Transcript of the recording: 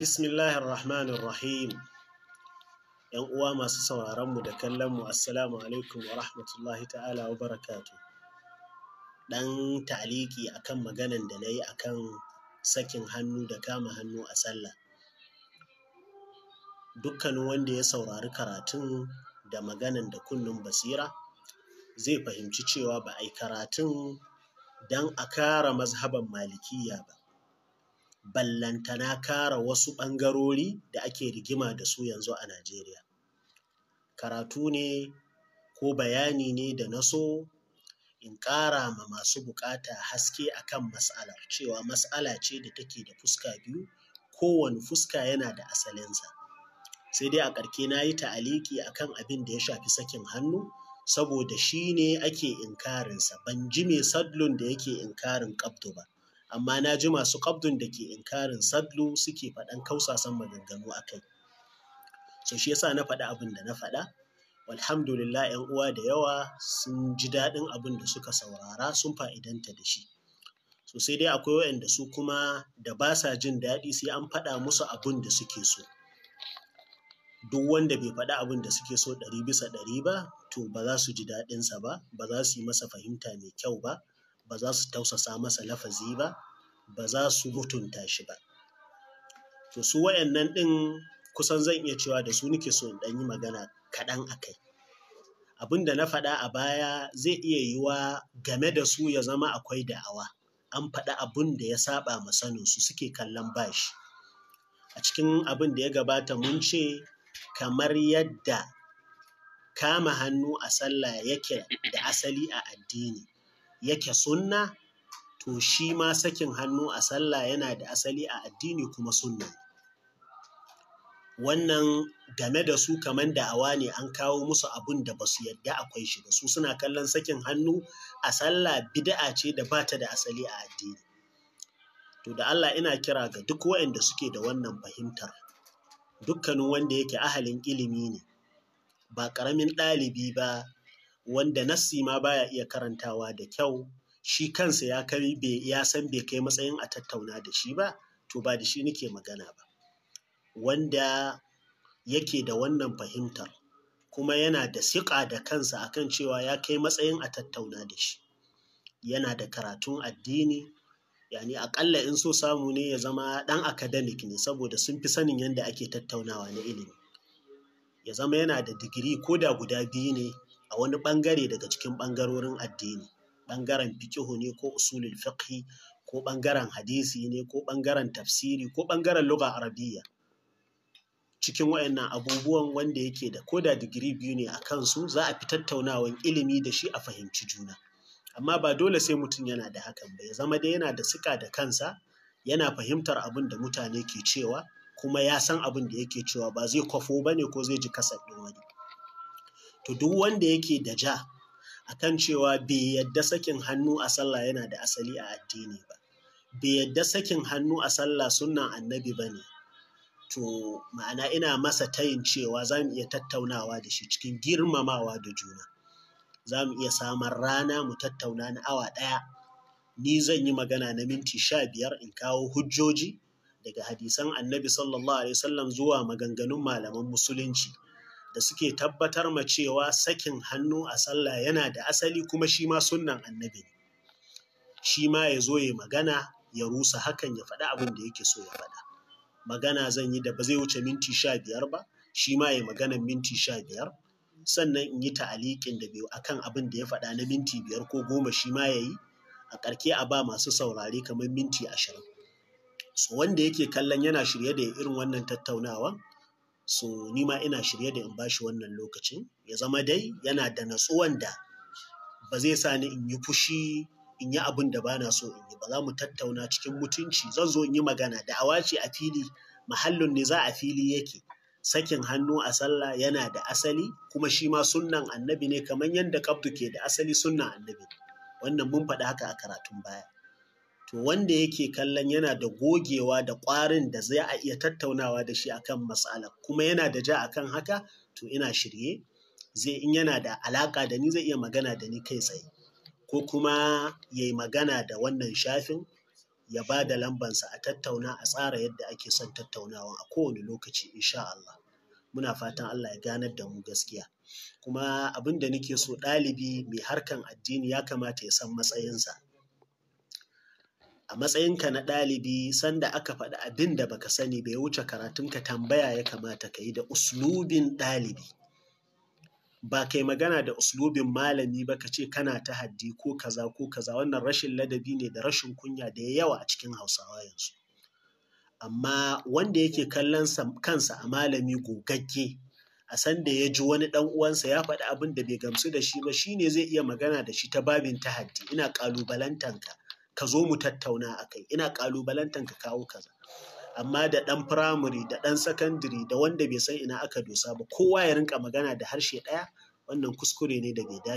Bismillahir Rahmanir Rahim. ‘Yan uwa masu sauraronmu da kallonmu, Assalamu alaikum wa rahmatullahi ta'ala wa barakatu. Ɗan ta'aliki akan maganan da na yi akan sakin hannu da kama hannu a sallah. Dukkanin wanda ya saurari karatun da maganan da kunnen basira, zai fahimci cewa ba a yi karatun don a kara mazhaban malikiya ba. ballantana kara wasu ɓangarori da ake rigima da su yanzu a Najeriya. Karatu ne ko bayani ne da na so in ƙara ma masu buƙata haske akan mas'alar cewa mas'ala ce da take da fuska biyu kowane fuska yana da asalinsa. Sai dai a ƙarke na yi ta'aliki akan abin da ya shafi sakin hannu saboda shi ne ake inkarinsa ban ji mai sadlun da yake inkarin ƙabdu ba. amma na ji masu kabdun da ke inkarin sadlu suke faɗan kausasan maganganu a kai so shi yasa na faɗa abin da na faɗa alhamdulillah yan uwa da yawa sun ji daɗin abin da suka saurara sun fa'idanta da shi so sai dai akwai waɗanda su kuma da ba sa jin daɗi sai an faɗa musu abin da suke so duk wanda bai faɗi abin da suke so ɗari bisa ɗari ba to ba za su ji daɗinsa ba ba za su yi masa fahimta mai kyau ba ba za su tausasa masa lafazi ba ba za su mutunta shi ba to su wayannan ɗin kusan zan iya cewa da su nake so in ɗan yi magana kaɗan a kai abin da na faɗa a baya zai iya yiwa game da su ya zama akwai da'awa an faɗa abin da ya saba ma sanin su suke kallon bashi a cikin abin da ya gabata mun ce kamar yadda kama hannu a sallah yake da asali a addini yake sunna to shi ma sakin hannu a sallah yana da asali a addini kuma sunna wannan game da su kaman awa ne an kawo musu abun da ba su yadda akwai shi ba su suna kallon sakin hannu a sallah bid'a ce da ba ta da asali a addini to da Allah ina kira ga duk waɗanda suke da wannan fahimtar dukkanin wanda yake ahalin ilimi ne ba ƙaramin ɗalibi ba wanda nassi ma baya iya karantawa da kyau shi kansa ya kai ya san bai kai matsayin a tattauna da shi ba to ba da shi nake magana ba wanda yake da wannan fahimtar kuma yana da siƙa da kansa akan cewa ya kai matsayin a tattauna da shi yana da karatun addini yani akalla in so samu ne ya zama ɗan academic ne saboda sun fi sanin yadda ake tattaunawa na ilimi ya zama yana da digiri ko da guda biyu ne a wani ɓangare daga cikin ɓangarorin addini ɓangaren fikihu ne ko usulul fiqhi ko ɓangaren hadisi ne ko ɓangaren tafsiri ko ɓangaren lugha arabiyya cikin wayannan abubuwan wanda yake da koda digiri biyu ne a kansu za a fi tattaunawan ilimi da shi a fahimci juna amma ba dole sai mutum yana da hakan ba ya zama dai yana da sika da kansa yana fahimtar abin da mutane ke cewa kuma ya san abin da yake cewa ba zai kwafo ba ne ko zai ji kasar ɗin wani to duk wanda yake da ja akan cewa bai yadda sakin hannu a sallah yana da asali a addini ba bai yadda sakin hannu a sallah sunan annabi ba ne to ma'ana ina masa tayin cewa za mu iya tattaunawa da shi cikin girmamawa da juna za mu iya samun rana mu tattauna na awa ɗaya ni zan yi magana na minti sha biyar in kawo hujjoji daga hadisan annabi sallallahu alaihi wasallam zuwa maganganun malaman musulunci da suke tabbatar ma cewa sakin hannu a sallah yana da asali kuma shi ma sunnan annabi ne shi ma ya zo ya magana ya rusa hakan ya faɗi abin da yake so ya faɗa magana zan yi da ba zai wuce minti sha biyar ba shi ma ya magana minti sha biyar sannan in yi ta'aliƙin da biyu akan abin da ya faɗa na minti biyar ko goma shi ma ya yi a ƙarke a ba masu saurare kamar minti ashirin so wanda yake kallon yana shirye da irin wannan tattaunawan? so ni ma ina shirye da in ba shi wannan lokacin ya zama dai yana da natsuwan da ba zai sa ni in yi fushi in yi abin da bana so in yi ba za mu tattauna cikin mutunci zan zo in yi magana da awaci a fili mahallin ne za a fili yake sakin hannu a sallah yana da asali kuma shi ma sunnan annabi ne kamar yadda kabdu ke da asali sunnan annabi wannan mun faɗi haka a karatun baya to wanda yake kallon yana da gogewa da ƙwarin da zai a iya tattaunawa da shi akan matsala kuma yana da ja akan haka to ina shirye zai in yana da alaka da ni zai iya magana da ni kai tsaye ko kuma yayi magana da wannan shafin ya ba da lambansa a tattauna a tsara yadda ake son tattaunawa a kowane lokaci insha Allah muna fatan Allah ya ganar da mu gaskiya kuma abin da nake so ɗalibi mai harkan addini ya kamata ya san matsayinsa a matsayinka na ɗalibi sanda aka faɗi abin da baka sani bai wuce karatunka tambaya ya kamata ka yi da uslubin ɗalibi ba kai magana da uslubin malami ba ka ce kana ta haddi ko kaza ko kaza wannan rashin ladabi ne da rashin kunya da ya yawa a cikin hausawa yanzu amma wanda yake kallon kansa a malami gogagge a sanda ya ji wani ɗan uwansa ya faɗi abin da bai gamsu da shi ba shine zai iya magana da shi ta babin ta haddi. ina ƙalubalantanka ka zo mu tattauna a kai ina ƙalubalantan ka kawo kaza amma da ɗan firamare da ɗan sakandare da wanda bai san ina aka dosa ba kowa ya rinka magana da harshe ɗaya wannan kuskure ne da bai dace